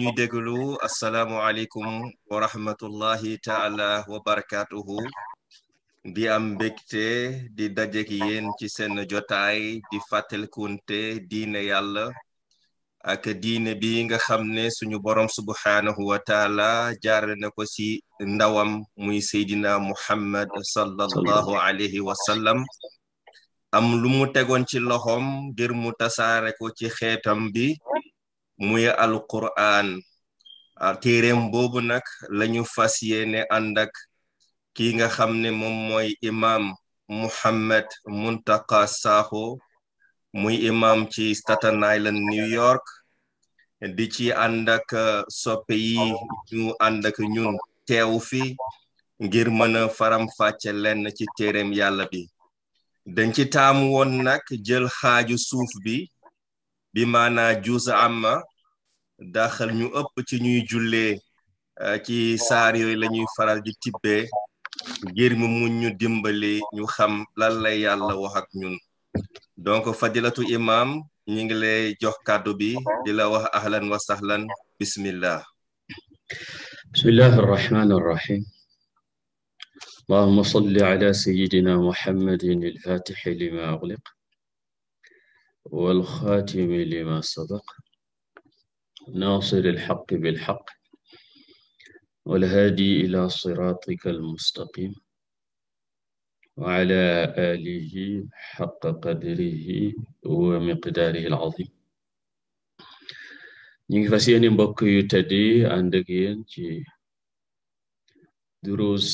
ñuy déglu asalaamualeykum wa rahmatullahi taala wa barakaatuhu di am mbégte di dajek yéen ci seen jotaay di fàttalkunte diine yàlla ak diine bi nga xam ne suñu borom subhaanahu wa taala jaare na ko ci ndawam muy seydina muhammad sallallahu alayhi wa am lu mu tegoon ci loxoom ngir mu tasaare ko ci xeetam bi muy alquran ah, téeréem boobu nag lañu fas yéene ànd ak ki nga xam ne moom mooy imam Muhammad Muntaka Sakho muy imam ci Staten Island New York di ci ànd ak ah, soppe yi ñu ànd ak ñun teew fi ngir mën a faram-fàcce lenn ci téeréem yàlla bi dañ ci taamu woon nag jël xaaju suuf bi bi maanaa juusa amma daxal ñu ëpp ci ñuy jullee eh, ci saar yooyu lañuy faral di tibbee ngir mu mun ñu dimbali ñu xam lan lay yàlla wax ñun donc fadilatu imam ñi ngi lay jox kàddu bi di la wax ahlan wa sahlan bismillah bismillahi arrahmani arrahim salli ala sayidina muhammadin alfatixi lima ugliq والخاتم لما سبق ناصر الحق بالحق والهادي إلى صراطك المستقيم وعلى آله حق قدره ومقداره العظيم ñu ngi fas yéene mbokk yu teddi ànd ak yéen ci duruus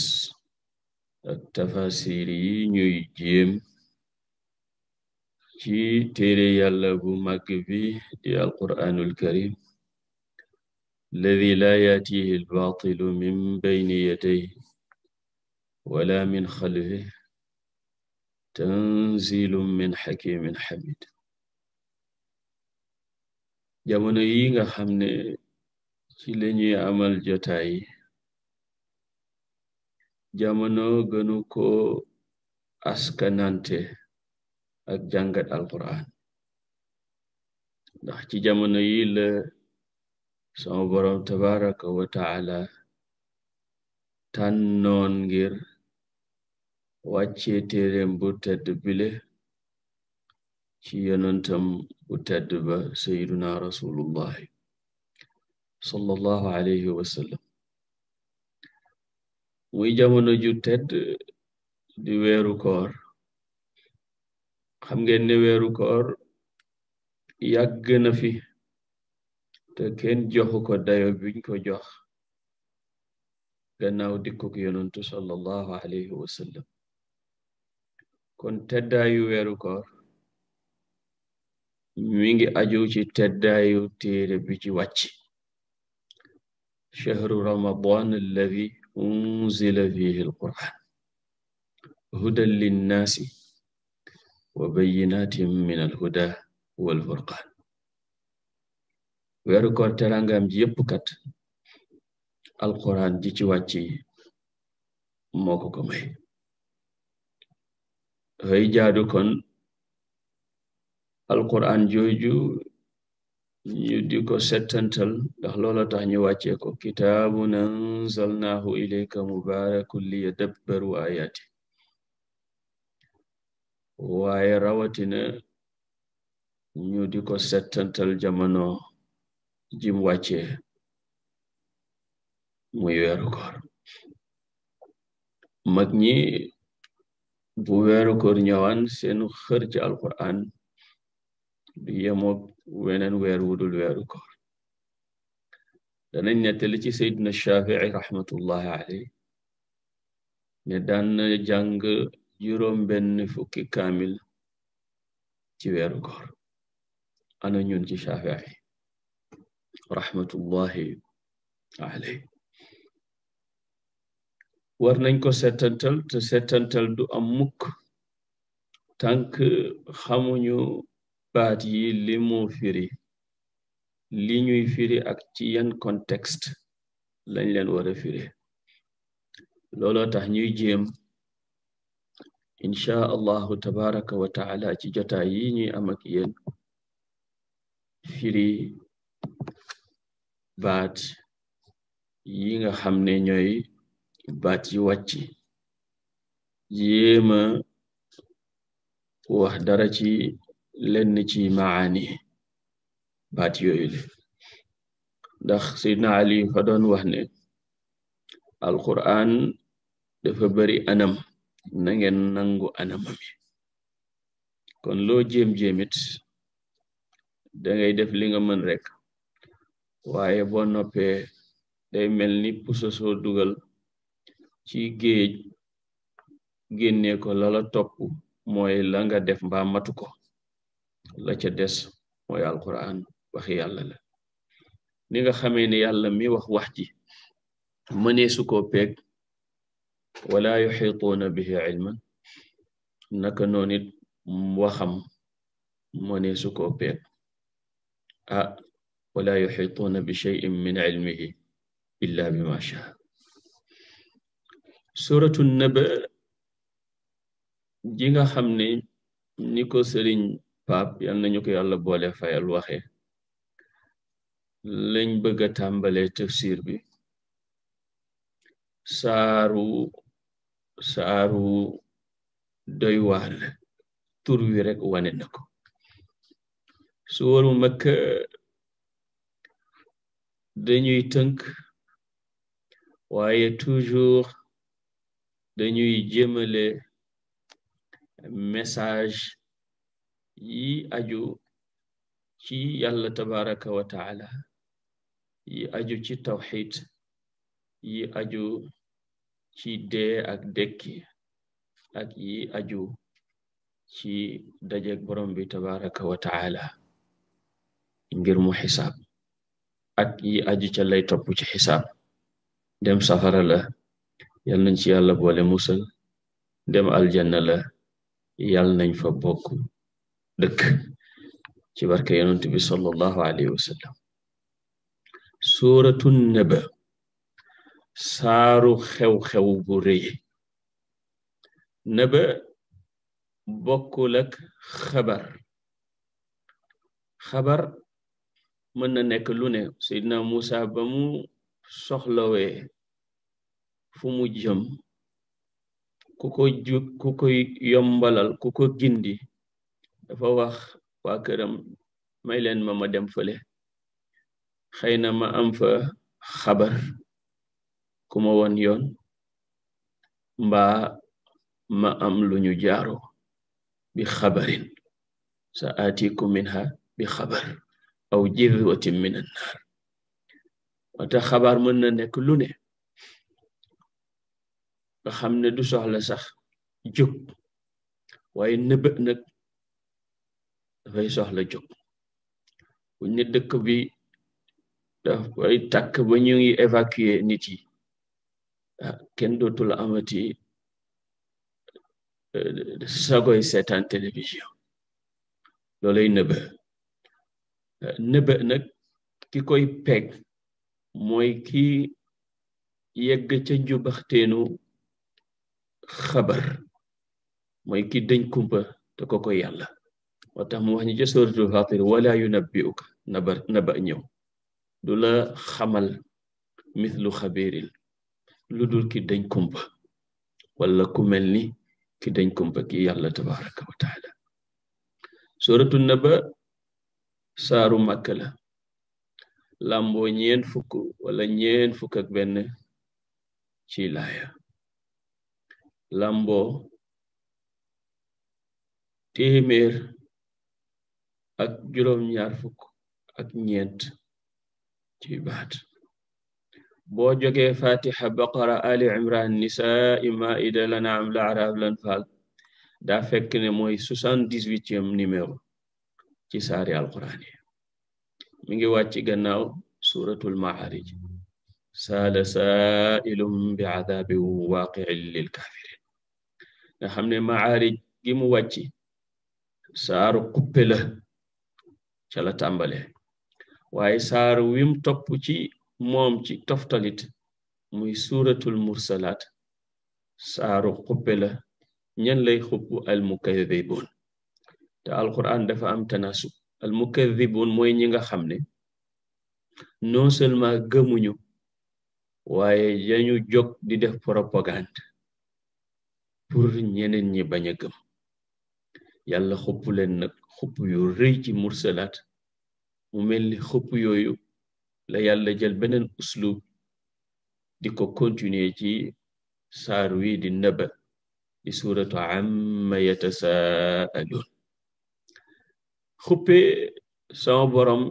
ak tafasir yi ñuy jéem ci téere yàlla bu màgg bi di alquraanul karim alladi laa yaatihi albaatilu min bayni yadayhi wala min xalfihi tanzilum min xakimin xamid jamono yi nga xam ne ci lañuy amal jotaay jamono gënu ko askanante ak jàngat alquran ndax ci jamono yi la sama borom tabaraka wa taala tànnoon ngir wàccee téereem bu tedd bile ci yonentam bu tedd ba sayyiduna rasulullahi sallallahu alayhi wa sallam muy jamono ju tedd di weeru koor xam ngeen ne weeru koor yàgg na fi te kenn joxu ko dayo biñ ko jox gannaaw dikkuk yonantu sallallahu alayhi wa sallam kon teddaayu weeru koor mi ngi aju ci teddaayu téere bi ci wàcc shahru unzila fihi alquran hudan linnaasi wa bayyinaatin minal hudaa wal furqaan weeru koor teraangaam ji yépp kat alquran ji ci wàcc moo ko ko may xëy jaadu kon alquran jooju ñu di settantal ndax loola tax ñu wàccee ko kitaabun anzalnaahu ilayka mubaarakun liyadabbaru ayaati waaye rawatina ñu di ko settantal jamono jim wàcce muy weeru koor ñi bu weeru koor ñëwaan seenu xër ci alquran du yemoog weneen weer wudul weeru danañ nettali ci seydina shafii rahmatullahi aley ne daan jàng juróom benn fukki kaamil ci weeru koor ana ñun ci Shaafi'i raxmatullahi war nañ ko setantal te setantal du am mukk tànk xamuñu baat yi li mu firi li ñuy firi ak ci yan contexte lañ len wara firi looloo tax ñuy jéem incha tabaraka wa taala ci jotaay yi ñuy am ak yéen firi baat yi nga xam ne ñooy baat yi wàcc yéema wax dara ci lenn ci maani baat yooyu le ndax Seydina Ali fa doon wax ne alquran dafa bari anam na nangu anamam kon loo jéem-jéemit dangay def li nga mën rek waaye boo noppee day mel ni puso soo dugal ci géej génne ko lala topp mooy langa def mbaa matu ko la ca des mooy alquran waxi yàlla la ni nga xamee ne mi wax wax ji mënee su ko wala yuxituuna bihi ilman naka noonu it waxam mone su ko peeg a wala yuxituuna bi cheyin min cilmihi illa bi ma shaa suratu naba ji nga xam ni ni ko sëriñ pap yal nañu ko yàlla boole fayal waxe lañ bëgga tàmbale tafsir bi saaru saaru doy waar la tur wi rek wane na ko suwaru makka dañuy tënk waaye toujours dañuy jëmale message yi aju ci yàlla tabaraka wa taala yi aju ci tawxid yi aju ci dee ak dekki ak yi aju ci dajeg borom bi tabaraka wa ngir mu xisaab ak yi aju ca lay topp ci xisaab dem safara la yal nañ ci yàlla boole musal dem aljanna la yal nañ fa bokk dëkk ci barke yonent bi sallallahu alayhi wa sallam suuratu naba saaru xew-xew bu rëy nëba bokkul xabar xabar mën na nekk lu ne Seydina Musa ba mu soxlawee fu mu jëm ku ko ju ku ko yombalal ku ko gindi dafa wax waa këram may leen ma ma dem fële xëy na ma am fa xabar kuma won yoon mbaa ma am lu ñu jaaro bi xabarin sa atiku minha bi xabar aw jidwatin min annaar wata xabaar mën na nekk lu ne xam ne du soxla sax jóg waaye nëbët nag dafay soxla jóg buñ ne dëkk bi dafay tàkk ba ñu ngi évacuer nit yi kenn dootul amati euh, sagoy seetaan télévision loolay nëbë nëbë nag ki koy peg mooy ki yegg ca njubaxteenu xabar mooy ki dëñ kumpa te ko koy yàlla moo tax mu wax ñu ca suratul fatir wala yu nabbiuka nabar naba ñëw du la xamal mithlu xabiril lu dul ki dañ kumpa wala ku mel ni ki dañ kumpa ki yàlla tabaraka wa taala suratu naba saaru màkka la làmboo ñeen fukk wala ñeen fukk ak benn ci laaya làmboo téeméer ak juróom ñaar fukk ak ñeent ci baat boo jógee fatiha baqara ali imran nisaa maida lanaam laaraaf lan faal daa fekk ne mooy soixante-dix-huitième numéro ci saari alquran yi mi ngi wàcc gannaaw suratul maarij saala saailum bi adaabin waaqiin lil kaafirin nga xam ne maarij gi mu wàcc saaru xuppe la ca la tàmbale wim topp ci moom ci toftalit muy suuratul mursalaat saaru xuppe la ñan lay xuppu almukaddibuun te alquran dafa am tanasub almukaddibuun mooy ñi nga xam ne non seulement gëmuñu waaye dañu jóg di def propagande pour ñeneen ñi bañ a gëm yàlla xupp leen nag xupp yu rëy ci mursalaat mu mel ni xupp yooyu la yàlla jël beneen uslub di ko continuer ci saar wi di naba di suuratu amma yatasaaluun xuppe sama borom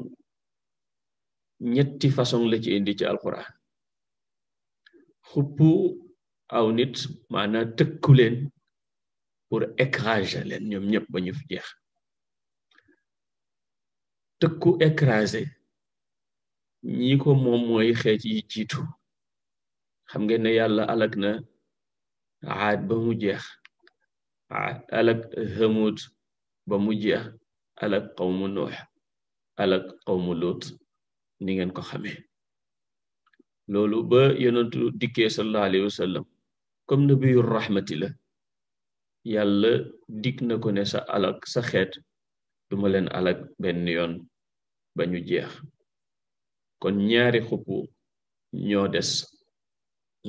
ñetti façon la ci indi ci alquran xuppu awnit nit maanaam tëkku leen pour écraser leen ñoom ñëpp ba ñu fi jeex tëkku écraser ñi ko moom mooy xeet yi jiitu xam ngeen ne yàlla alak na aad ba mu jeex alak hamud ba mu jeex alak qawmu nuux alak qawmu lut ni ngeen ko xame loolu ba yonentu dikkee sallallahu alayhi wa sallam comme nabiyur rahmati la yàlla dig na ko ne sa alak sa xeet duma leen alak benn yoon ba ñu jeex kon ñaari xuppu ñoo des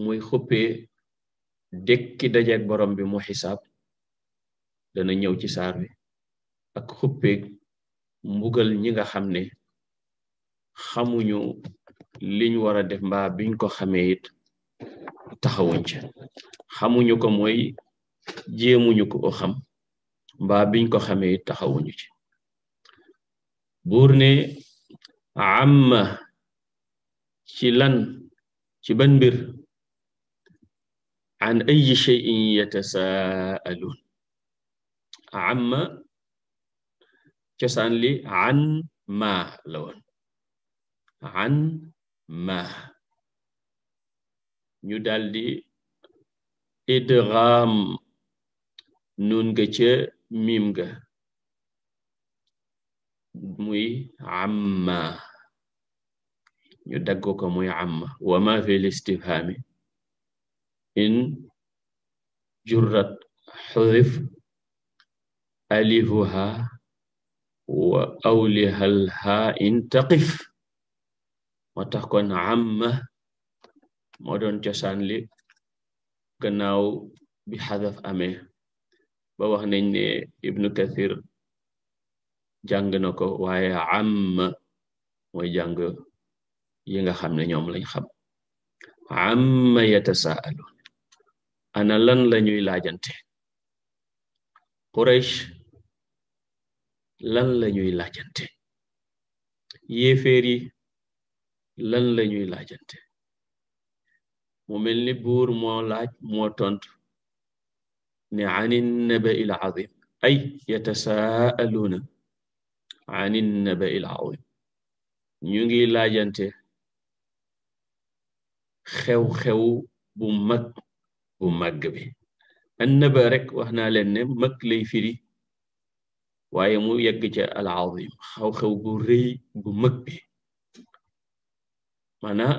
muy xuppee dekki dajeek borom bi mu xisab dana ñëw ci saar bi ak xuppeeg mbugal ñi nga xam ne xamuñu liñ war a def mbaa biñ ko xamee it taxawuñ ci xamuñu ko mooy jéemuñu ko xam mbaa biñ ko xamee it taxawuñu ci buur ne amma ci lan ci ban mbir an ayi cheyin yatasaaluun amma cosaan li an ma la woon ma ñu daldi idgham nun ga ca miim ga muy amma ñu dagg ko muy amma wa ma fi listifhami in jurrat xudif alifuha wa awlihal haa in taqif moo tax kon amma moo doon cosaan li gannaaw bi xadaf amee ba wax nañ ibnu kathir jàng na ko waaye amma mooy jàng yi nga xam ne ñoom lañ xam amma yatasaaluun ana lan lañuy laajante Quraysh lan lañuy laajante yéeféer yi lan lañuy laajante mu mel ni buur moo laaj moo tontu ne ani naba il azim ay yatasaaluuna ani naba il azim ñu ngi laajante xew-xew bu mag bu màgg bi annaba rek wax naa leen ne mag lay firi waaye mu yegg ci al azim xew-xew bu rëy bu mag bi maanaa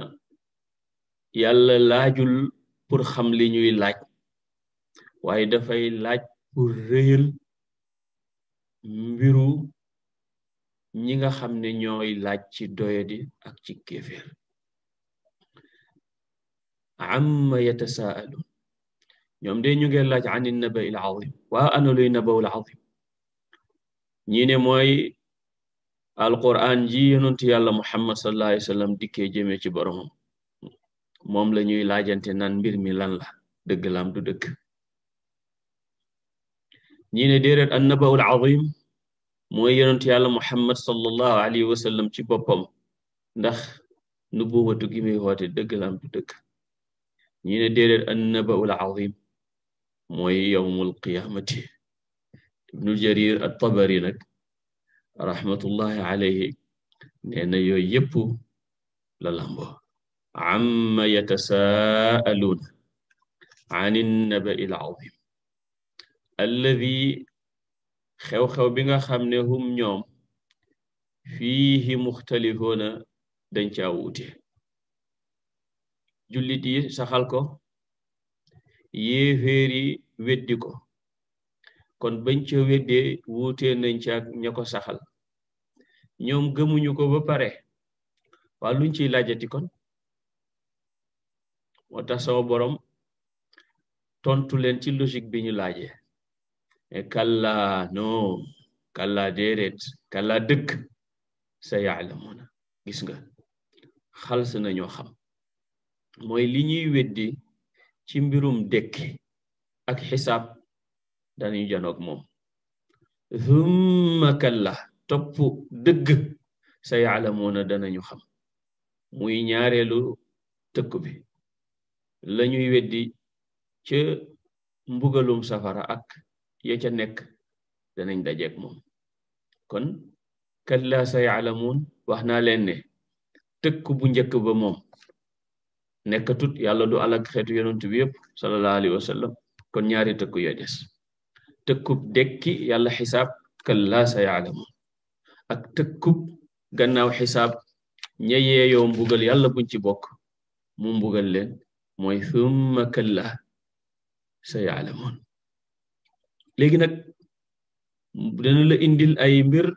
yàlla laajul pour xam li ñuy laaj waaye dafay laaj pour rëyal mbiru ñi nga xam ne ñooy laaj ci doyadi ak ci kéeféer amma yatasaaluun ñoom de ñu ngi laaj an naba il azim waa ana luy nabawul azim ñi ne mooy alquran ji yonentu yàlla muhammad sallallahu alayhi wasallam dikkee jëmee ci boromam moom la ñuy laajante naan mbir mi lan la dëgg laam du dëgg ñi ne déeréet an nabawul azim mooy yonentu yàlla muhammad sallallahu alayhi wasallam ci boppam ndax nubuwatu gi muy woote dëgg laam du dëgg ñi ne déedéet annabaul azim mooy yowmul qiyaamati ibnu jarir at-tabari nag rahmatullahi alayhi nee na yooyu yëpp la lambo amma yatasaaluuna an annabai alazim alladi xew-xew bi nga xam ne hum ñoom fiihi muxtalifuuna dañ caa wuute jullit yi saxal ko yéeféer yi weddi ko kon bañ ca weddee wuutee nañ ca ak ña ko saxal ñoom gëmuñu ko ba pare waa ciy laajati kon moo tax sama borom tontu leen ci logique bi ñu laaje e kalla no kalla déeréet kalla dëkk sa yaalamuna gis nga xal na nañoo xam mooy li ñuy weddi ci mbirum dëkk ak xisaab dañuy janoog moom thumma kalla topp dëgg sa yaalamuuna danañu xam muy ñaareelu tëkku bi la ñuy weddi ca mbugalum safara ak ya ca nekk danañ dajeeg moom kon kalla sa yaalamuun wax naa leen ne tëkk bu njëkk ba moom nekkatut yàlla du alak xeetu yonent bi yëpp sallallahu alayhi kon ñaari tëkku yooy des dekki yàlla xisaab kallaa sa yaalamun ak tëkkub gannaaw xisaab ña yeeyoo mbugal yàlla buñ ci bokk mu mbugal leen mooy thumma kallaa sa yaalamun léegi nag dana la indil ay mbir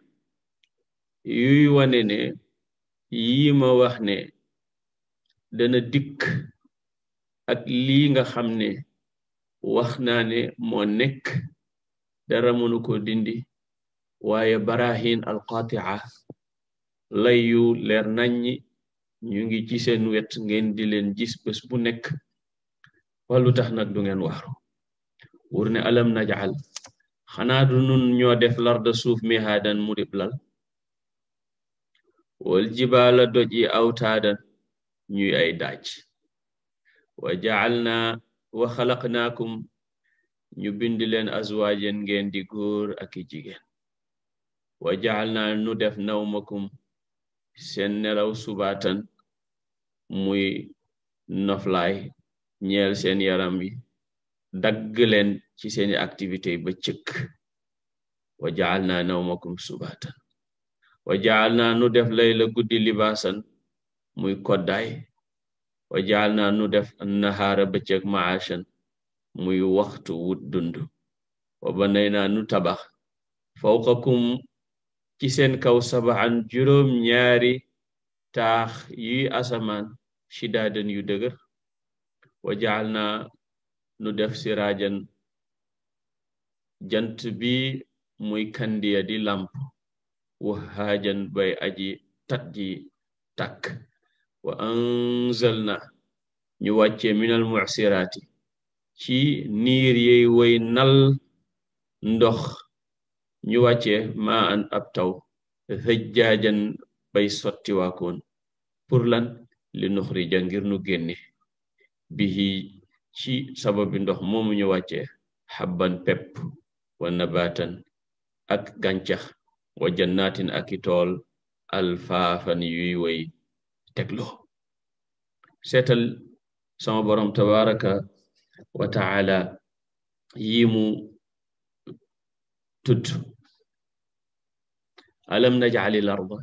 yuy wane ne yi dana dikk ak lii nga xam ne wax naa ne moo nekk dara mënu ko dindi waaye barahin alqatia lay yu leer naññi ñu ngi ci seen wet ngeen di leen gis bés bu nekk walu tax nag du ngeen waaru wur ne alam najal xanaa du nun ñoo def larda suuf mihaadan mu dib lal wal jibaala doj yi awtaadan ñuy ay daaj wa na wa xalaqnaakum ñu bind leen azwaajen ngeen di góor ak i jigéen wa jaalna nu def nawmakum seen nelaw subaatan muy noflaay ñeel seen yaram yi dagg leen ci seeni activité ba cëkk wa jaalna nawmakum subaatan wa jaalna nu def layla guddi libaasan muy koddaay wa jaal na nu def naxaara bëccëg maashan muy waxtu wut dund wa banay na nu tabax fawqakum ci seen kaw sabaxan juróom ñaari taax yuy asamaan shidaadan yu dëgër wa jaal na nu def siraajan jant bi muy kandiya di làmp wa haajan bay aji tat ji takk wa anzalna ñu wàcce minal mu'siraati ci niir yey woy nal ndox ñu wàcce ma an ab taw hëjjaajan bay sotti waakoon pour lan li nuxrija ngir nu génne bihi ci sababi ndox moomu ñu wàccee xabban pepp wa nabaatan ak gàncax wa jannaatin aki tool alfaafan yuy woy tegloo seetal sama borom tabaraka wa taala yi mu tudd alam najalil arda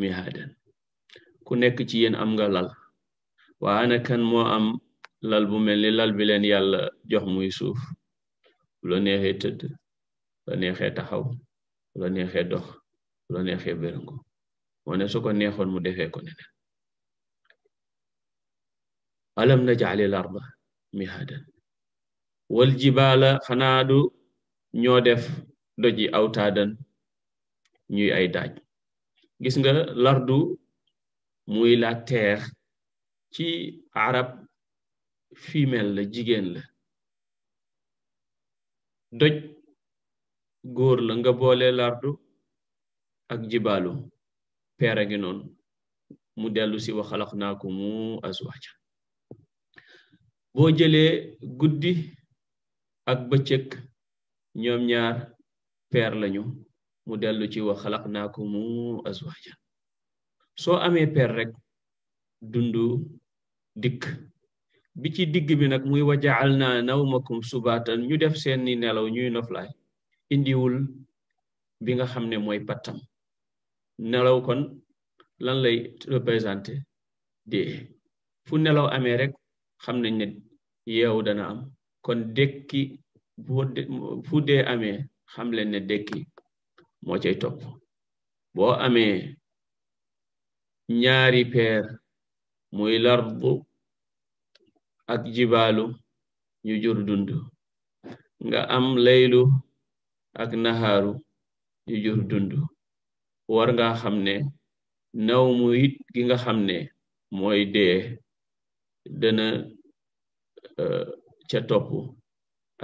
mihaadan ku nekk ci yéen am nga lal waa ana kan moo am lal bu mel ni lal bi leen yàlla jox muy suuf bu la neexee tëdd bu la taxaw bu la neexee dox bu la moo ne su ko neexoon mu defee ko neneen alam najalil arda mihadan wal jibaala xanaa du ñoo def doji awtaadan ñuy ay daaj gis nga lardu muy la terre ci arab fimel la jigéen la doj góor la nga boole lardu ak jibaalu peera gi noonu mu dellu si naa xalaqnaakum azwaaja boo jëlee guddi ak bëccëg ñoom ñaar per lañu mu dellu ci wa xalaqnaakum azwaaja soo amee per rek dundu dikk bi ci digg bi nag muy wajaal naa nawmakum subaatan ñu def seeni nelaw ñuy noflaay indiwul bi nga xam ne mooy pattam nelaw kon lan lay représenté dee fu nelaw amee rek xam nañ ne yeewu dana am kon dekki fu dee amee xam leen ne dekki moo cay topp boo amee ñaari peer muy lardu ak jibaalu ñu jur dund nga am laylu ak naxaaru ñu jur dund war nga xam ne naw mu it gi nga xam ne mooy dee dana e, ca topp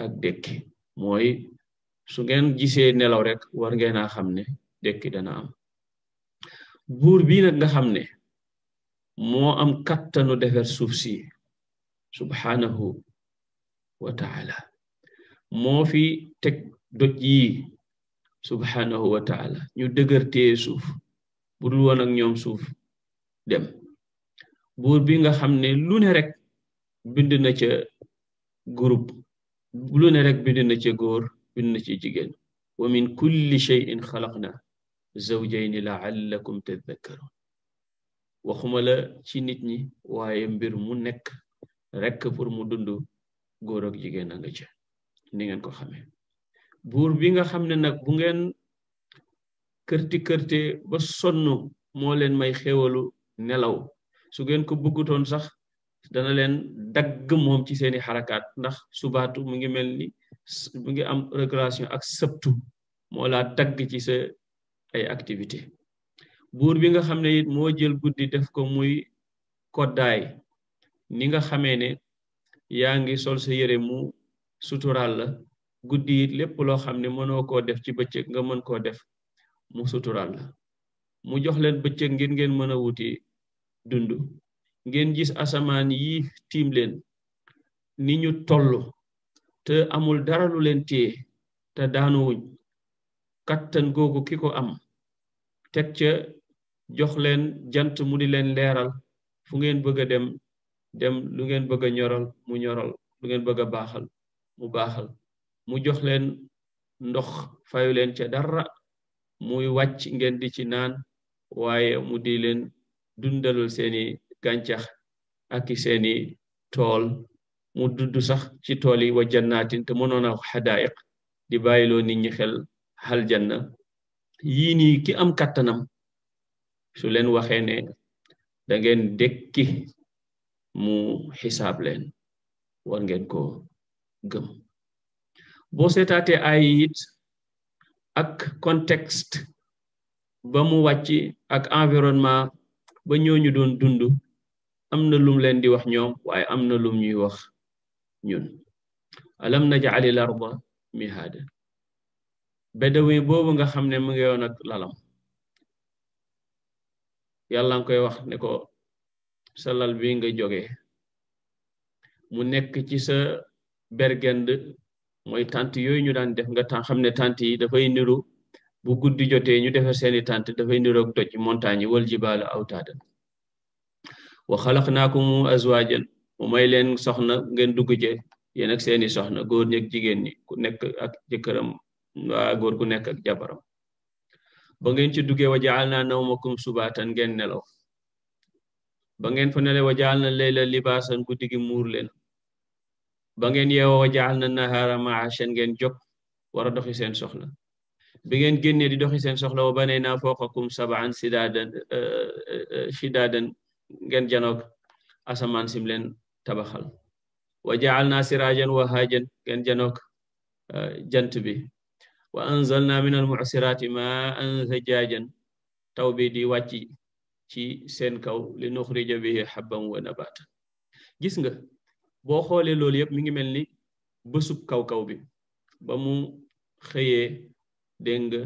ak dekki mooy su ngeen gisee nelaw rek war ngeen na xam ne dekki dana am buur bi nag nga xam ne moo am kattanu defar suuf si subhanahu wa taala moo fi teg doj yi subhanahu wa taala ñu dëgër téye suuf bu dul ñoom suuf dem buur bi nga xam ne lu ne rek bind na ca groupe lu ne rek bind na ca góor bind na ci jigéen wa min kulli shay'in xalaqna zawjayni la'allakum tadhakkarun waxuma la ci nit ñi waaye mbir mu nekk rek pour mu dund góor ak jigéen a nga ca ni ngeen ko xamee buur bi nga xam ne nag bu ngeen kërti kërte ba sonn moo leen may xéewalu nelaw su ngeen ko bëggutoon sax dana leen dagg moom ci seeni xarakaat ndax subaatu mu ngi mel ni mu ngi am récréation ak sëbtu moo laa dagg ci sa ay activité buur bi nga xam ne it moo jël guddi def ko muy koddaay ni nga xamee ne yaa ngi sol sa yére mu suturaal la guddi lépp loo xam ne mënoo koo def ci bëccëg nga mën koo def mu sutural mu jox leen bëccëg ngir ngeen mën a wuti dund ngeen gis asamaan yi tiim leen ni ñu tollu te amul dara lu leen téye te daanuwuñ kattan googu ki ko am teg ca jox leen jant mu di leen leeral fu ngeen bëgg dem dem lu ngeen bëgg a mu ñorol lu ngeen bëgg a baaxal mu baaxal mu jox leen ndox fayu ca dara muy wàcc ngeen di ci naan waaye mu di leen dundalul seeni gàncax ak seeni tool mu dudd sax ci tool yi wa jannaatin te mënoon a xadaayiq di bàyyiloo nit ñi xel xal janna yii nii ki am kàttanam su leen waxee ne da ngeen dekki mu xisaab leen war ngeen ko gëm boo seetaatee ay it ak contexte ba mu wàcc ak environnement ba ñooñu doon dund am na lum leen di wax ñoom waaye am na lum ñuy wax ñun alam najalil arda mihaada bedawi boobu nga xam ne mu ngi ak lalam yàlla nga koy wax ne ko sa lal bi nga joge mu nekk ci sa bergend mooy tante yooyu ñu daan def nga xam ne tant yi dafay niru bu guddi jotee ñu defa seeni tante dafay niru ak doj montagne yi wal jibaalu awtaadan wa xalaqnaakum azwaajan mu may leen soxna ngeen dugg ci yéen ak seeni soxna góor ñek ak jigéen ñi ku nekk ak jëkkëram waa góor gu nekk ak jabaram ba ngeen ci duggee wa ja'alnaa nawmakum subaatan ngeen nelaw ba ngeen fa nele wa ja'alnaa layla libaasan guddi gi muur leen ba ngeen yeewoo jaal na nahaara maashan ngeen jóg war a doxi seen soxla bi ngeen génnee di doxi seen soxla wa banay naa fooqakum sabaan sidaadan euh, shidaadan ngeen janoog asamaan sim leen tabaxal wa jaal naa siraajan wahaajan ngeen janoog euh, jant bi wa anzalna min almucsiraati maan sajaajan taw bi di wàcc ci seen kaw li nuxrija bihi xabban wa nabaata gis nga boo xoolee loolu yëpp mi ngi mel ni bësub kaw-kaw bi ba mu xëyee dégg nga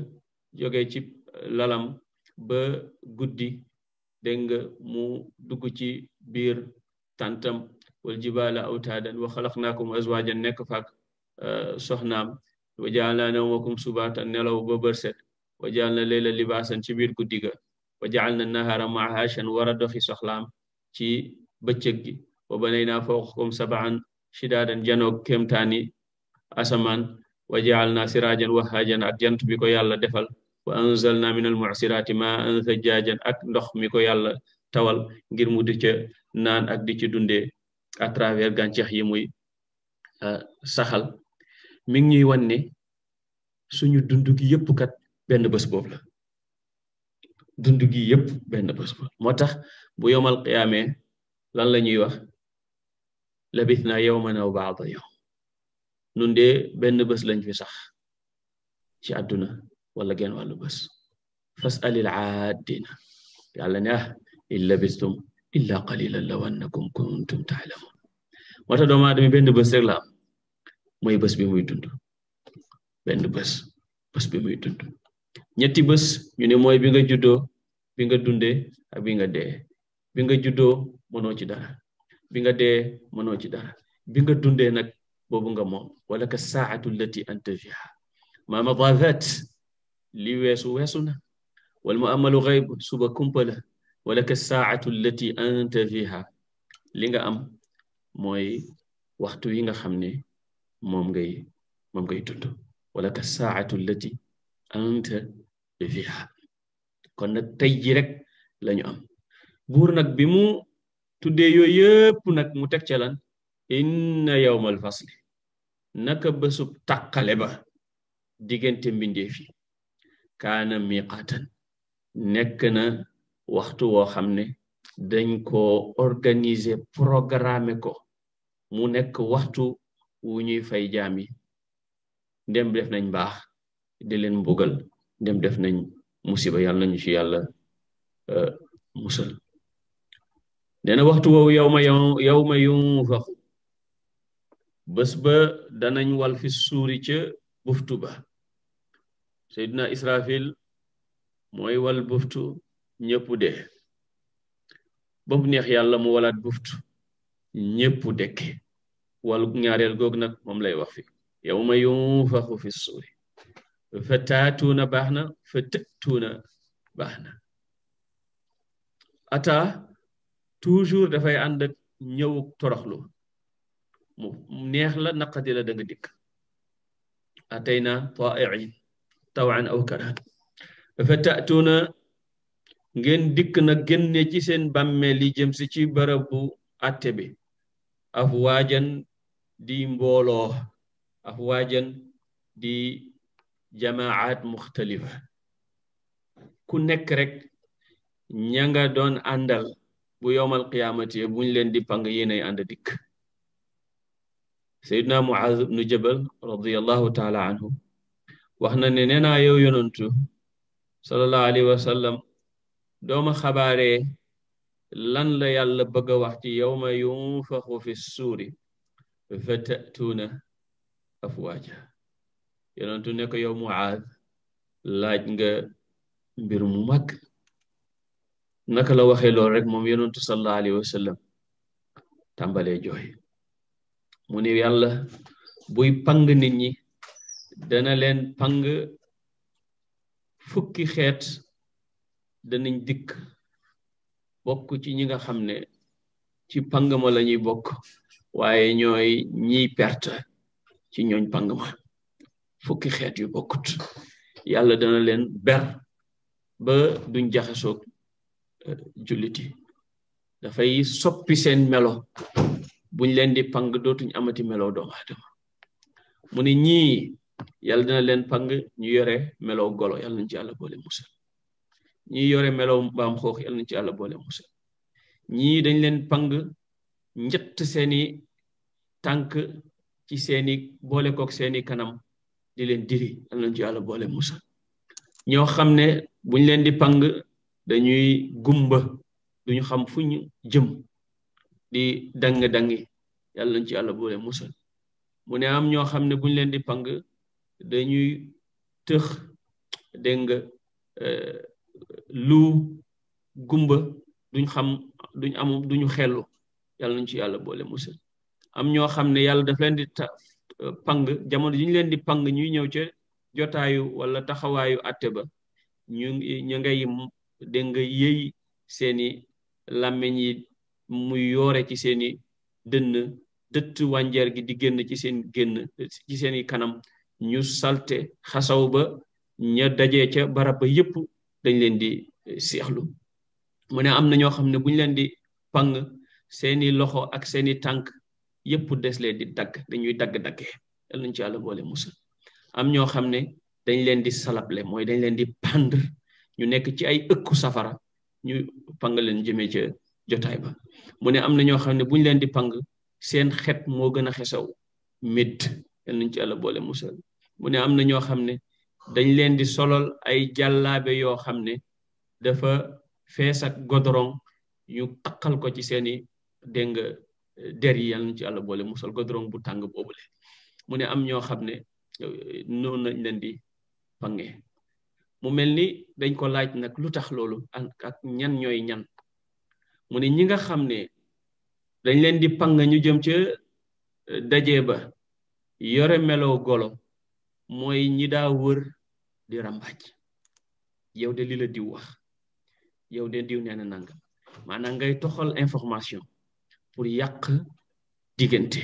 jóge ci euh, lalam ba guddi dégg nga mu dugg ci biir tàntam wal jibaala awtaadan wa xalaqnaakum azwaajan nekk faak euh, soxnaam wa jaalna nawmakum subaatan nelaw ba bërset wa jaalna leela libaasan ci biir guddi ga wa jaalna nahaara mahaashan war a doxi soxlaam ci bëccëg gi wa banaynaa fawqakum sab'an shidaadan janoog kéemtaani asamaan wa ja'alnaa siraajan wahaajan ak jant bi ko yàlla defal wa anzalnaa minal mu'siraati maa'an thajjaajan ak ndox mi ko yàlla tawal ngir mu di ca naan ak di ci dundee à travers gàncax yi muy euh, saxal mi ngi ñuy wan ne suñu dund gi yëpp kat benn bés la dund gi yëpp benn bés boobu moo tax bu yomal qiyaamee lan la ñuy wax labithna yawman aw ba'da yawm nun de benn bés lañ fi sax ci àdduna wala genn wàllu bés fas'alil aadina yàlla ne ah in labistum illa qalilan law annakum kuntum ta'lamun moo tax doomu aadama benn bés rek la am mooy bés bi muy dund benn bés bés bi muy dund ñetti bés ñu ne mooy bi nga juddoo bi nga dundee ak bi nga dee bi nga juddoo mënoo ci dara bi nga dee mënoo ci dara bi nga dundee nag boobu nga moom wala ka saatu lati anta fiha ma madadat li weesu weesu na wal mu amalu xayb suba kumpa la wala ka saatu lati anta fiha li nga am mooy waxtu yi nga xam ne moom ngay moom ngay dund wala ka saatu lati anta fiha kon nag tey ji rek lañu am buur nag bi tuddee yooyu yëpp nag mu tek ca lan inna yawmal fasli naka bésub tàqale ba diggante mbindeef fi kaana miqaatan nekk na waxtu woo xam ne dañ ko organiser programme ko mu nekk waxtu wu ñuy fay jaam yi dem def nañ baax di leen mbugal ndem def nañ musiba yàlla nañu ci yàlla euh, musal nee na waxtu woowu yaw ma yow ma yunfaxu bés ba danañ wal fi suuri ca buftu ba seydina israfil mooy wal buftu ñëpp dee ba mu neex yàlla mu walaat buftu ñëpp dekke wal ñaareel goog nag moom lay wax fi yow ma yunfaxu fi suuri fa taatuuna baax na fa tëtuuna baax na ata toujours dafay ànd ak toroxlu mu neex la naqadi la da nga dikk atayna taa'in tawan aw karhan fa ta'tuna ngeen dikk na génne ci seen bàmmeel yi jëm si ci barabu ate atte bi afwaajan di mbooloo afwaajan di at muxtalifa ku nekk rek ña nga doon àndal bu yowmal qiyaamati buñ leen di pang yéenay ànd dikk seydna muaz ibnu jabal radiallahu taala anhu wax na ne nee naa yow yonantu sallallahu alayhi wa sallam dooma xabaaree lan la yàlla bëgg a wax ci yowma yunfaxu fi suuri fa tatuuna afwaaja yonantu ne ko muaz laaj nga mbir mu mag naka la waxee lool rek moom yonentu sallallahu alayhi wa sallam tàmbalee jooy mu ne yàlla buy pang nit ñi dana leen pang fukki xeet danañ dikk bokk ci ñi nga xam ne ci pang ma la bokk waaye ñooy ñiy perte ci ñooñ pang ma fukki xeet yu bokkut yàlla dana leen ber ba duñ jaxasoog Euh, julliti dafay soppi seen melo buñ leen di pang dootuñ amati melo doomu aadama mu ne ñii yàlla dina leen pang ñu yore melo golo yàlla nañ ci yàlla boole musal ñii yore melo mbaam xoox yàlla nañ ci yàlla boole musal ñii dañ leen pang njëtt seeni tànk ci seeni boole kook seeni kanam di leen diri yàlla nañ ci yàlla boole musal ñoo xam ne buñ leen di pang ñuy gumba ñu xam fu ñu jëm di dang-dangi yàlla nañ ci àlla boole musal mu ne am ñoo xam ne buñ leen di pang dañuy tëx dégg nga euh, lu gumba duñ xam duñ am duñu xellu yàlla nañ ci yàlla boole musal am ñoo xam ne yàlla daf leen di ta euh, pang jamono ji ñu leen di pang ñuy ñëw ca jotaayu wala taxawaayu atte ba ñu ñu ngay dégg nga yëy seeni làmmiñ yi muy yoore ci seeni dënn dëtt wànjar gi di génn ci seen génn ci seeni kanam ñu salte xasaw ba ña dajee ca barab ba yépp dañ leen di seexlu mu ne am na ñoo xam ne buñ leen di pang seeni loxo ak seeni tànk yépp des leen di dagg dañuy dagg-dagge yal nañ ci yàlla boole musal am ñoo xam ne dañ leen di salable mooy dañ leen di pendre ñu nekk ci ay ëkku safara ñu pang leen jëmee ca jotaay ba mu ne am na ñoo xam ne bu leen di pang seen xet moo gën a xesaw médd nañ ci yàlla boole musal mu ne am na ñoo xam ne dañ leen di solol ay jàllaabe yoo xam ne dafa fees ak godoron ñu takkal ko ci seeni dégg nga der yi ci yàlla boole musal godoron bu tàng boobule mu ne am ñoo xam ne noonu lañ leen di pange mu mel ni dañ ko laaj nag lu tax loolu ak ñan ñooy ñan mu ne ñi nga xam ne dañ leen di pang ñu jëm ca eh, daje ba yore meloo golo mooy ñi daa wër di ràmbaaj yow de li la diw wax yow de diw nee na nangam maanaam ngay toxal information pour yàq diggante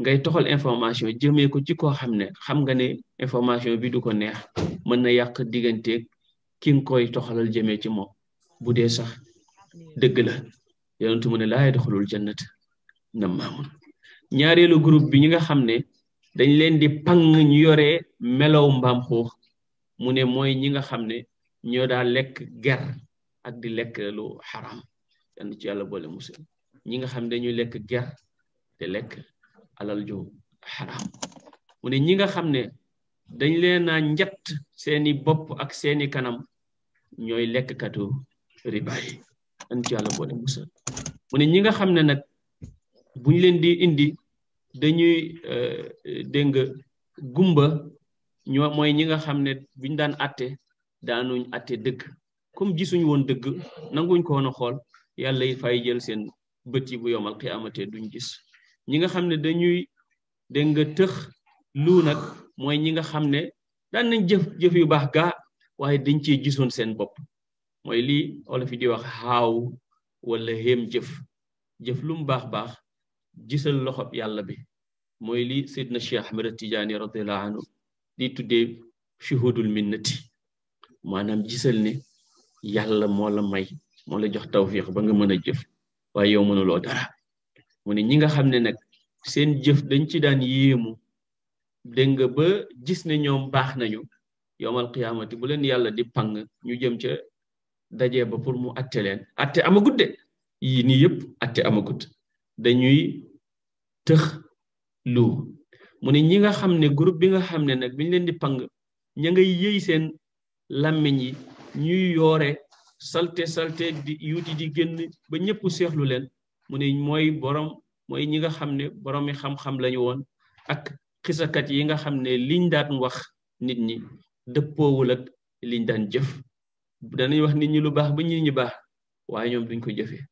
ngay toxal information jëmee ko ci koo xam ne xam nga ne information bi du ko neex mën na yàq digganteeg ki nga koy toxalal jëmee ci moom bu dee sax dëgg la yonentu mu ne laa yadxulul jannat na maamun ñaareelu groupe bi ñi nga xam ne dañ leen di pang ñu yoree melow mbaam xuux mu ne mooy ñi nga xam ne ñoo daa lekk ger ak di lekk lu xaram yann ci yàlla boole musal ñi nga xam ne dañuy lekk ger te lekk alal ju xaraam mu ne ñi nga xam ne dañ leen a njett seeni bopp ak seeni kanam ñooy lekkkatu riba an ci boole musal mu ñi nga xam ne nag buñ leen di indi dañuy euh, dégg nga gumba ñoo mooy ñi nga xam ne buñ daan atte daanuñ atte dëkk comme gisuñ woon dëgg nanguñ ko woon xool yàlla yi fay jël seen bët yi bu yomal xiyaamate duñ gis ñi nga xam ne dañuy dégg nga tëx lu nag mooy ñi nga xam ne daan nañ jëf jëf yu baax gaa waaye dañ cee gisoon seen bopp mooy lii olof yi di wax xaaw wala xéem jëf jëf lu mu baax baax gisal loxob yàlla bi mooy lii Seydina Cheikh Ahmed Tidiane radiyallahu anhu di tuddee shuhudul minnati maanaam gisal ne yàlla moo la may moo la jox tawfiq ba nga mën a jëf waaye yow mënuloo dara mu ne ñi nga xam ne nag seen jëf dañ ci daan yéemu dégg nga ba gis ne ñoom baax nañu yowmal qiyaamati bu leen yàlla di pang ñu jëm ca daje ba pour mu atte leen atte amagut de yii nii yëpp atte amagut dañuy tëx lu mu ne ñi nga xam ne groupe bi nga xam ne nag biñ leen di pang ña ngay yëy seen làmmiñ yi ñuy yoore salte salte di di génn ba ñëpp seexlu leen mu ne mooy borom mooy ñi nga xam ne boroomi xam-xam lañu woon ak xisakat yi nga xam ne liñ daan wax nit ñi dëppoowul ak liñ daan jëf danañ wax nit ñi lu baax ba nit ñi baax waaye ñoom duñ ko jëfee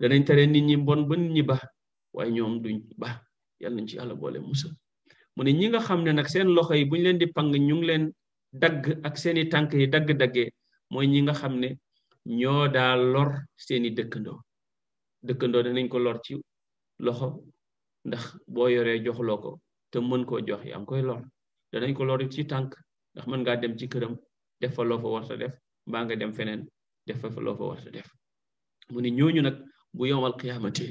danañ tere nit ñi mbon ba nit ñi baax waaye ñoom duñ baax yàlla nañ ci yàlla boole musal mu ne ñi nga xam ne nag seen loxo yi buñ leen di pang ñu ngi leen dagg ak seeni tànk yi dagg-daggee mooy ñi nga xam ne ñoo daa lor seeni dëkkandoo dëkkandoo dinañ ko lor ci loxo ndax boo yoree joxuloo ko te mën koo jox yaa koy lor danañ ko lor ci tànk ndax mën ngaa dem ci këram def fa loo fa war def mbaa nga dem feneen def fa loo fa war def mu ne ñooñu nag bu yomal xiyaamate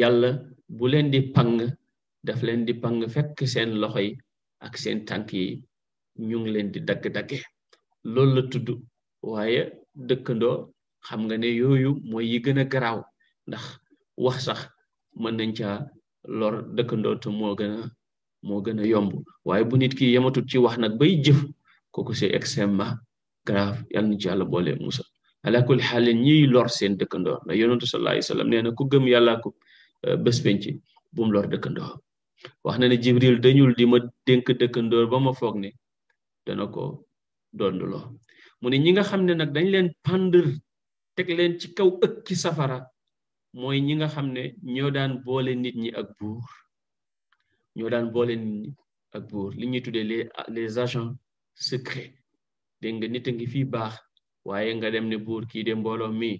yàlla bu leen di pang daf leen di pang fekk seen loxo yi ak seen tànk yi ñu ngi leen di dagg-dagge loolu la tudd waaye dëkkandoo xam nga ne yooyu mooy yi gën a garaaw ndax wax sax mën nañ caa lor dëkkandoo te moo gën a moo gën a yomb waaye bu nit ki yematut ci wax nag bay jëf kooku c'est extrêmement grave yal na ci yàlla boole musa ala kulli xaal ñiy lor seen dëkkandoo na yonentu sallallahu alayhi wasallam nee ku gëm yàlla ko euh, bés penc bu lor dëkkandoo wax na ne jibril dañul di ma dénk dëkkandoo ba ma foog ne dana ko donduloo mu ne ñi nga xam ne nag dañ leen pendre teg leen ci kaw ëkki safara mooy ñi nga xam ne ñoo daan boole nit ñi ak buur ñoo daan boole nit ñi ak buur li ñuy tuddee les les agents secrets dégg nga nit a ngi fii baax waaye nga dem ne buur kii de mbooloo mi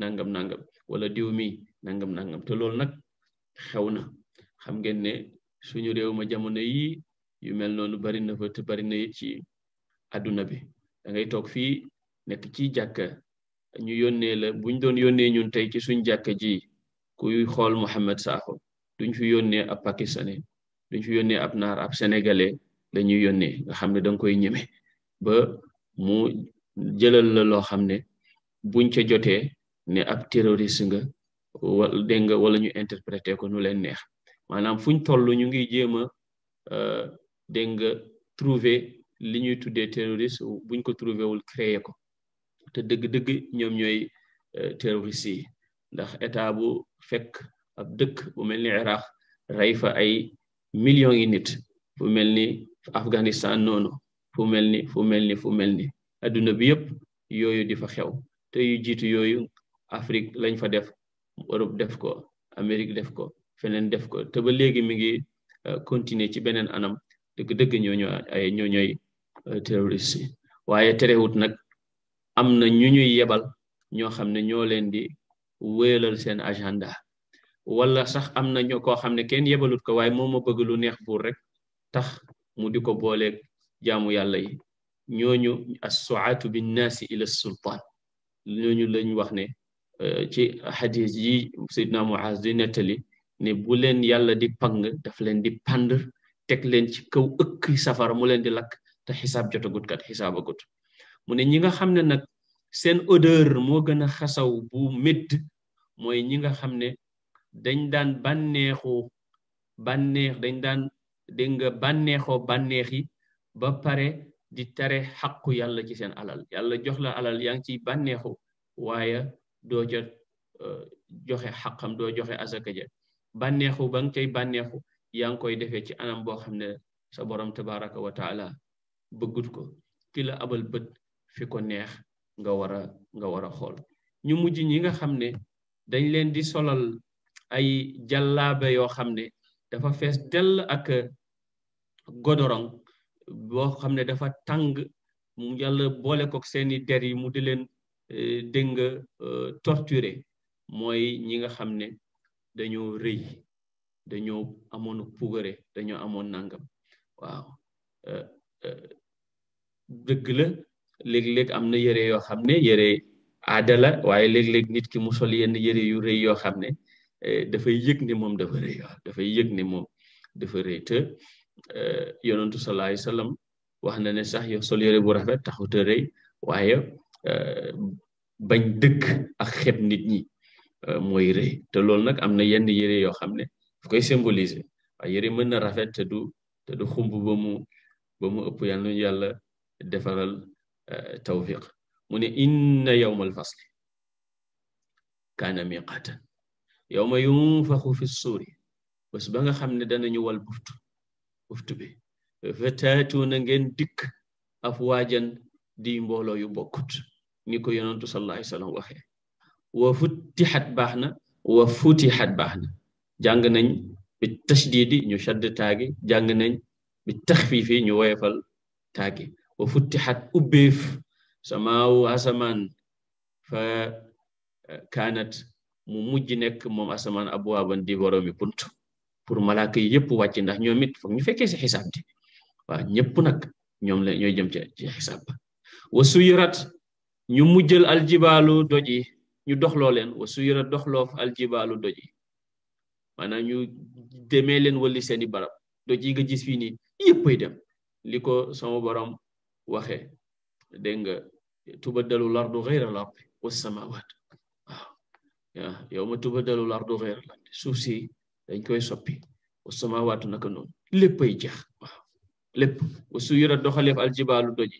nangam nangam wala diw mi nangam nangam te loolu nag xew na xam ngeen ne suñu réew ma jamono yi yu mel noonu bari na fa te bari na ci àdduna bi da toog fii nekk ci jàkka ñu yónnee la buñ doon yónnee ñun tey ci suñ jàkk ji kuy xool Mohamed Sakho duñ fi yónnee ab pakistanais duñ fi yónnee ab naar ab sénégalais lañuy yónnee nga xam ne danga koy ñeme ba mu jëlal la loo xam ne buñ ca jotee ne ab terroriste nga dégg nga wala ñu interpréter ko nu leen neex maanaam fuñ toll ñu ngi jéem a euh, dégg nga trouver li ñuy tuddee terroriste buñ ko trouver wul créer ko te dëgg-dëgg ñoom ñooy euh, terroriste yi ndax état bu fekk ab dëkk bu mel ni Iraq fa ay million yi nit fu mel ni Afghanistan noonu fu mel ni fu mel ni fu mel ni adduna bi yëpp yooyu di fa xew te yu jiitu yooyu Afrique lañ fa def Europe def ko amerique def ko feneen def ko te ba léegi mi ngi euh, continuer ci beneen anam dëgg-dëgg ñoo ay ñoo ñooy euh, terroriste yi waaye terewut am na ñu ñuy yebal ñoo xam ne ñoo leen di wéelal seen agenda wala sax am na koo xam ne kenn yebalut ko waaye moo ma bëgg lu neex buur rek tax mu di ko booleeg jaamu yàlla yi ñooñu assuaatu binnaasi ila sultaan ñooñu lañ wax ne euh, ci xadis yi Seydina Muaz di nettali ne bu leen yàlla di pang daf leen di pànd teg leen ci kaw ëkk safara mu leen di lakk te xisaab jotagut kat gut mu ne ñi nga xam ne nag seen odeur moo gën a xasaw bu métt mooy ñi nga xam ne dañ daan bànneexu bànneex dañ daan dégg nga bànneexoo bànneex yi ba pare di tare xàqu yàlla ci seen alal yàlla jox la alal yaa ngi ciy bànneexu waaye doo ca euh, joxe xaqam doo joxe asaka ja bànneexu ba nga cay bànneexu yaa ngi koy defee ci anam boo xam ne sa borom tabaraka wa taala bëggut ko ki abal bët fi ko neex nga war a nga war a xool ñu mujj ñi nga xam ne dañ leen di solal ay jàllaabe yoo xam ne dafa fees dell ak godorong boo xam ne dafa tàng mu yàlla boole kook seeni der yi mu di leen e, dégg nga e, torturé mooy ñi nga xam ne dañoo rëy dañoo amoon pugare dañoo amoon nangam waaw e, dëgg la léeg-léeg am na yére yoo xam ne yére aada waaye léeg nit ki mu sol yenn yére yu rëy yoo xam ne eh, dafay yëg ne moom dafa rëy waaw dafay yëg ne moom dafa rëy te eh, yonentu sallallahu alayhi wasallam wax na ne sax yow sol yére bu rafet taxut a rëy waaye eh, bañ dëkk ak xeeb nit ñi mooy rëy te loolu nag am na yenn yére yoo xam ne daf koy symboliser waaye mën na rafet te du xumb ba mu ba mu ëpp yàlla yàlla defaral tawfiq mu ne inna yawma alfasli kaana miqaatan yawma yunfaxu fi suuri bés ba nga xam ne danañu wal buftu buftu bi fa taatuuna ngeen dikk afwaajan di mbooloo yu bokkut ni ko yonentu sallallahu alayhi wasallam waxee wa futixat baax na wa futixat baax na jàng nañ bi tashdidi ñu shadd taagi jàng nañ bi taxfiifi ñu woyefal taagi wa futtixat ubbeef sama asamaan fa eh, kaanat mu mujj nekk moom asamaan abwaaban di boroomi punt pour malaaka yi yëpp wàcc ndax ñoom it foog ñu fekke si xisaab di waaw ñëpp nag ñoom la ñooy jëm ci xisaab wa suyirat ñu mujjal aljibaalu doj yi ñu doxloo leen wa suyirat doxloof aljibaalu doj ñu demee leen wali seeni barab doj yi nga gis fii dem li ko borom waxe dégg nga tubaddalu lardu xeyra lardi wasamawat waaw waaw yow ma tubaddalu lardu xeyra lardi suuf si dañ koy soppi wasamawaatu naka noonu léppay jeex waaw lépp wasu yura doji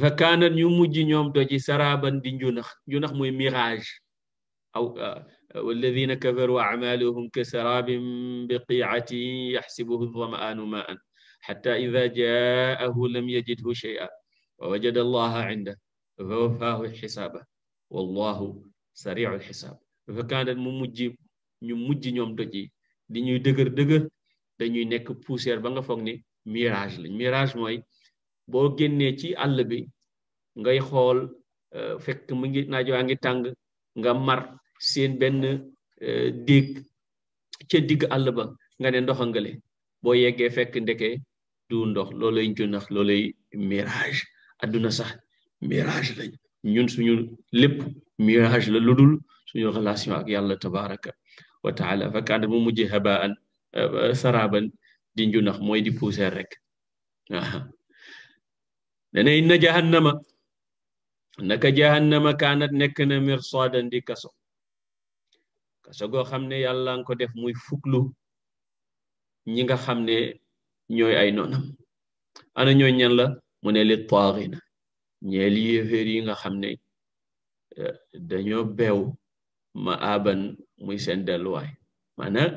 fa kaana ñu mujj ñoom doji saraban di njunax njunax muy mirage aw ah, walladina kafaru amaluhum ka sarabin biqiatin yaxsibuhu damaanu maan xataa ida jaahu lam yajidhu shay'a wa wajada allaha inda fa wafaahu xisaaba wallahu sariicu xisaab mu mujj ñu mujj ñoom doj yi dëgër dëgër dañuy nekk poussière ba nga foog ni mirage lañ mirage mooy boo génnee ci àll bi ngay xool euh, fek mu ngi naaj waa ngi tàng nga mar seen benn euh, déeg ca digg àll ba nga ne ndoxangale boo yeggee fekk ndeke du ndox loolay junax loolay mirage adduna sax mirage la ñun suñu lépp mirage la ludul suñu relation ak yàlla tabaraka wa taala fakkaane mu mujje habaan euh, saraban di njunax mooy di poussière rek aa nene inna jahannama naka jahannama kaanat nekk na mirsadan di kaso kaso goo xam ne yàlla ko def muy fuklu ñi nga xam ñooy ay noonam ana ñooy ñan la mu ne li taaxina ñeel yéeféer yi nga xam ne eh, dañoo beew ma aban muy seen delluwaay maanaam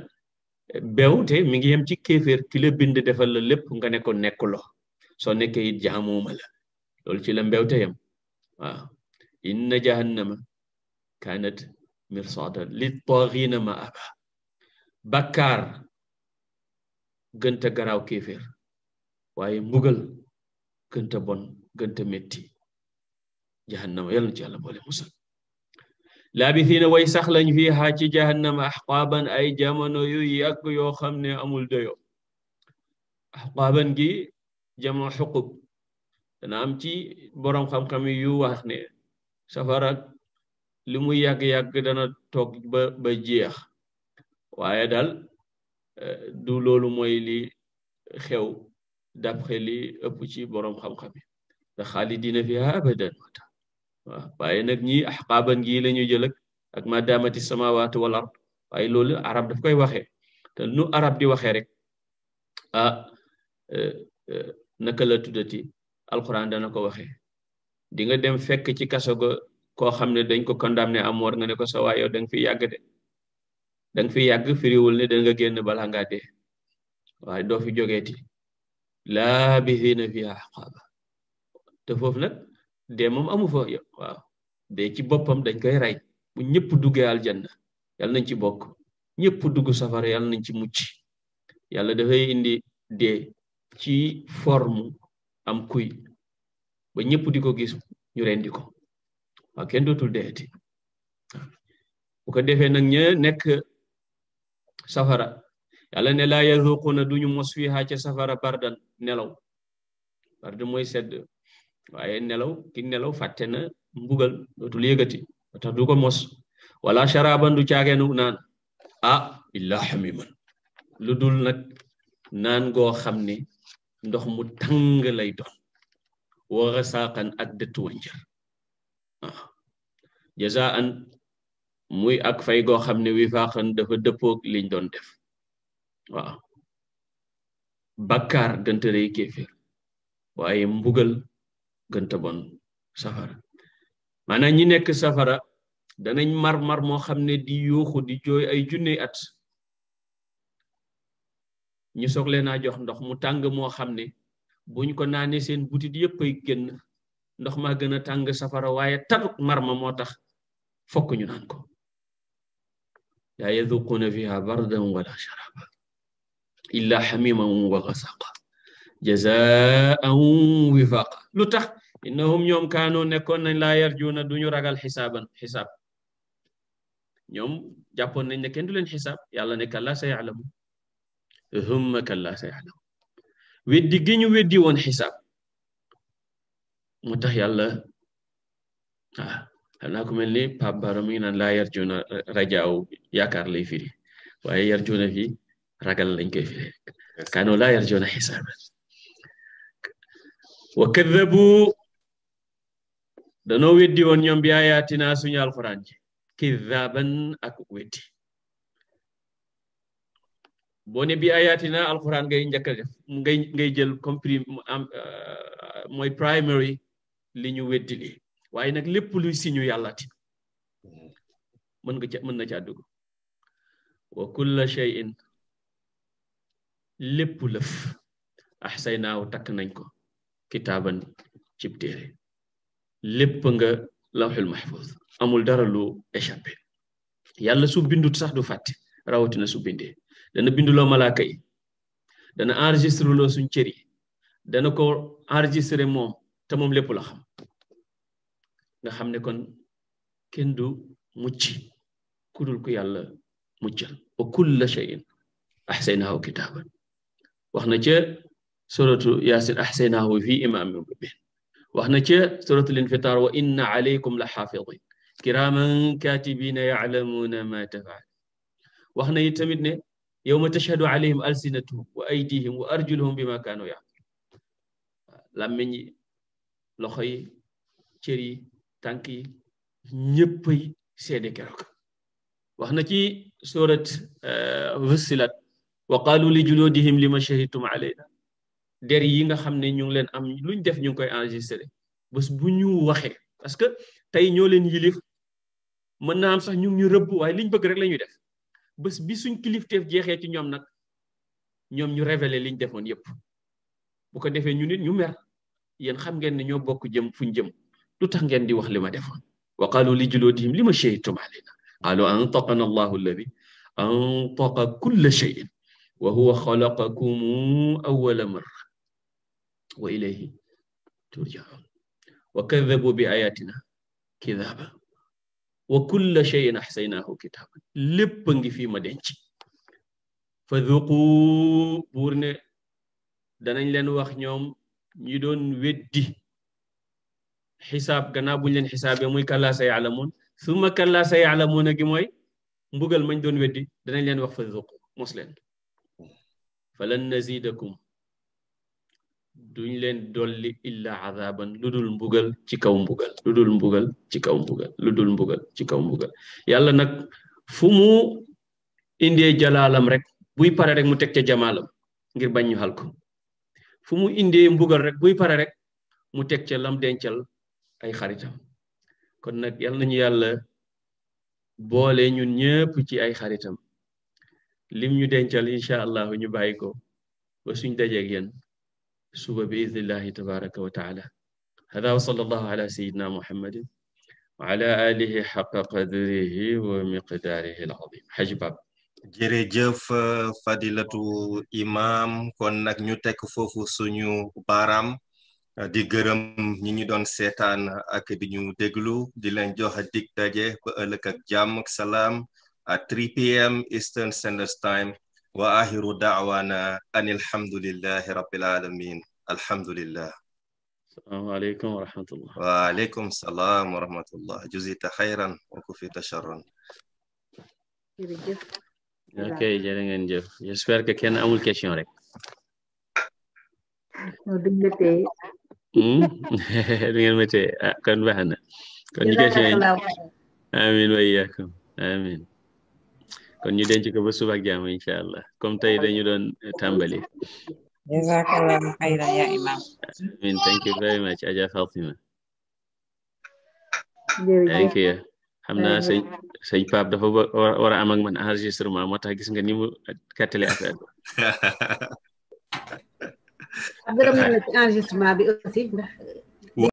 beew te mi ngi yem ci kéeféer ki bind defal la lépp nga ne ko nekkuloo soo nekkee it jaamuuma la loolu ci la mbewte yam waaw inna jahannama kanat mirsadan li taaxina ma aba bakkaar gënta garaaw kéeféer waaye mbugal gënta bon gënta metti jahannama yal na ci yàlla boole musal laabithiina way sax lañ fi xaa ci jahannama axqaaban ay jamono yu yàgg yoo xam ne amul doyo axqaaban gi jamono xuqub dana am ci boroom xam-xam yu wax ne safara li mu yàgg-yàgg dana toog ba jeex waaye daal Euh, du loolu mooy li xew d'après li ëpp ci boroom xam-xam yi da xaalidina fiha abadan waaw waaye nag ñi axqaaban gi la ñuy jël ak ma daamati sama wal wala waaye loolu arab daf koy waxee te nu arab di waxee rek ah euh, euh, naka la tuddati alquran dana ko waxee dem fekk ci kaso ga koo xam ne dañ ko condamné à mort nga ne ko sa waayoo da nga fi yàgg de danga fi yàgg firiwul ne da ga génn bala nga dee waaye doo fi jógeeti laabisiina fiha ahqaaba te foofu nag dee moom amu fa waaw dee ci boppam dañ koy rey bu ñëpp duggee aljanna yàlla nañ ci bokk ñëpp dugg safara yàlla nañ ci mucc yàlla dafay indi dee ci forme am kuy ba ñëpp di ko gis ñu rendiko ko waaw kenn dootul deeti bu defee nag ña nekk safara yàlla ne laa yazuquna duñu mos fiha ca safara bardan nelaw bard mooy sedd waaye nelaw ki nelaw fàtte na mbugal dootul yëgati tax du ko mos wala sharaban du caageenu naan ah illa xamiman lu dul nag naan goo xam ne ndox mu tàng lay doon wa xasaaqan ak dëtt wanjër ah jazaan muy ak fay goo xam ne wi faaxan dafa dëppoog liñ doon def waaw bakkaar gënta day kéeféer waaye mbugal gënta bon safara maanaam ñi nekk safara danañ mar-mar moo xam ne di yuuxu di jooy ay junney at ñu soog leen jox ndox mu tàng moo xam ne buñ ko naanee seen butit yëpp ay génn ndox maa gën a tàng safara waaye taruk mar ma moo tax fokk ñu naan ko laa yaduquuna fiha bardan wala sharaba illa xamiman wa gasaqa jazaan wifaqa lu tax innahum ñoom kaanu nekkoon nañ layar yarjuuna duñu ragal xisaaban xisaab ñoom jàppoon nañ ne kenn du leen xisaab yàlla ne kallaa sa ya'lamu humma kallaa sa ya'lamu weddi gi weddi woon xisaab moo tax yàlla ah xam naa ku mel Baro mi ngi naan laa yarjuna rajaaw lay firi waaye yarjuna fi ragal lañ koy firi kaano laa yarjuna xisaaba wa kaddabu danoo weddi woon ñoom bi ayaatina suñu alxuraan ji kiddaban ak weddi boo ne bi ayaatina alxuraan ngay njëkk a def ngay ngay jël comprim euh, mooy primary li weddi lii waaye nag lépp luy siñu yàllaati hmm. mën nga ca mën na caa dugg wa kulla shay'in lépp lëf ahsaynaaw takk nañ ko kitaaban cib téere lépp nga lawxul mahfuz amul dara lu échappé yàlla su bindu sax du fàtte rawatina su bindee dana binduloo malaaka yi dana enregistré loo suñ cër dana ko enregistré moom te moom lépp la xam nga xam ne kon kenn du mucc kudul ku yàlla muccal wa kulla shay'in ahsaynahu kitaaban wax na ca suratu yaasin ahsaynahu fi imaamin mubin wax na ca suratul infitar wa inna alaykum la xaafidin kiraman katibina yaclamuuna ma tafaal wax na it tamit ne yowma tashhadu alayhim alsinatuhum wa aydihim wa arjuluhum bima kaanu yacmaluun làmmiñ yi loxo yi tànk yi ñëppay seede keroog wax na ci surat euh, Fussilat wa qaalu li juluudihim lima shahidtum alayna der yi nga xam ne ñoo leen am luñ def ñu ngi koy enregistré bés bu ñu waxee parce que tey ñoo leen yilif mën naa am sax ñu ngi ñu rëbb waaye liñ bëgg rek la ñuy def bés bi suñ kilifteef jeexee ci ñoom nag ñoom ñu révélé liñ defoon yépp bu ko defee ñu nit ñu mer yéen xam ngeen ne ñoo bokk jëm fuñ jëm lu tax ngeen di wax li ma defoon wa li juluudihim lima ma shahidtum alayna qalu antaqana allahu alladi antaqa kulla wa huwa xalaqakum awwala marra wa ilayhi turja'un wa bi ayatina kidaaba wa kulla shay'in ahsaynaahu kitaaban lépp ngi fi ma denc fa dhuqu buur ne danañ leen wax ñoom ñi doon weddi xisaab gannaaw buñu leen xisaabee muy kallaa sa yaalamuun summa kallaa sa yaalamuun gi mooy mbugal mañ doon weddi danañ leen wax fa zuqu mos leen nazidakum duñ leen dolli illa azaban lu dul mbugal ci kaw mbugal lu dul mbugal ci kaw mbugal lu dul mbugal ci kaw mbugal yàlla nag fu mu indee jalaalam rek buy pare rek mu teg ca jamaalam ngir bañ ñu xal ko fu mu indee mbugal rek buy pare rek mu teg ca lam dencal ay xaritam kon nag yal nañu yàlla boole ñun ñëpp ci ay xaritam lim ñu dencal incha allahu ñu bàyyi ko ba suñ dajeeg yéen suba bi idnillahi tabaraka wa taala hada wa sallallahu ala sayidina muhammadin wa alihi xaqa qadrihi wa miqdaarihi al azim xaji bab fadilatu imam kon nag ñu tek foofu suñu baaraam di gërëm ñi doon seetaan ak di ñu déglu di leen jox dig daje ba ëllëg ak jàmm salaam à 3 pm Eastern Standard Time wa ahiru daawaana an alhamdulillahi rabbil alamin alhamdulillah salaamaaleykum wa wa rahmatullah juzita xayran wa kufita charran jërëjëf ok jërë ngeen jëf j'espère que kenn rek du ngeen ma téye ah kon baax na kon ñu koy amin wa iyaakum amin kon ñu denc ko ba suba ak jàmm incha allah comme tey dañu doon eh, tàmbali jazakallahu xayran ya imam amin thank you very much aja fatima thank you xam naa sëñ sëñ Pape dafa war a am ak man enregistrement moo tax gis nga ni mu kattale affaire dara mën na ci enregistrement bi aussi ndax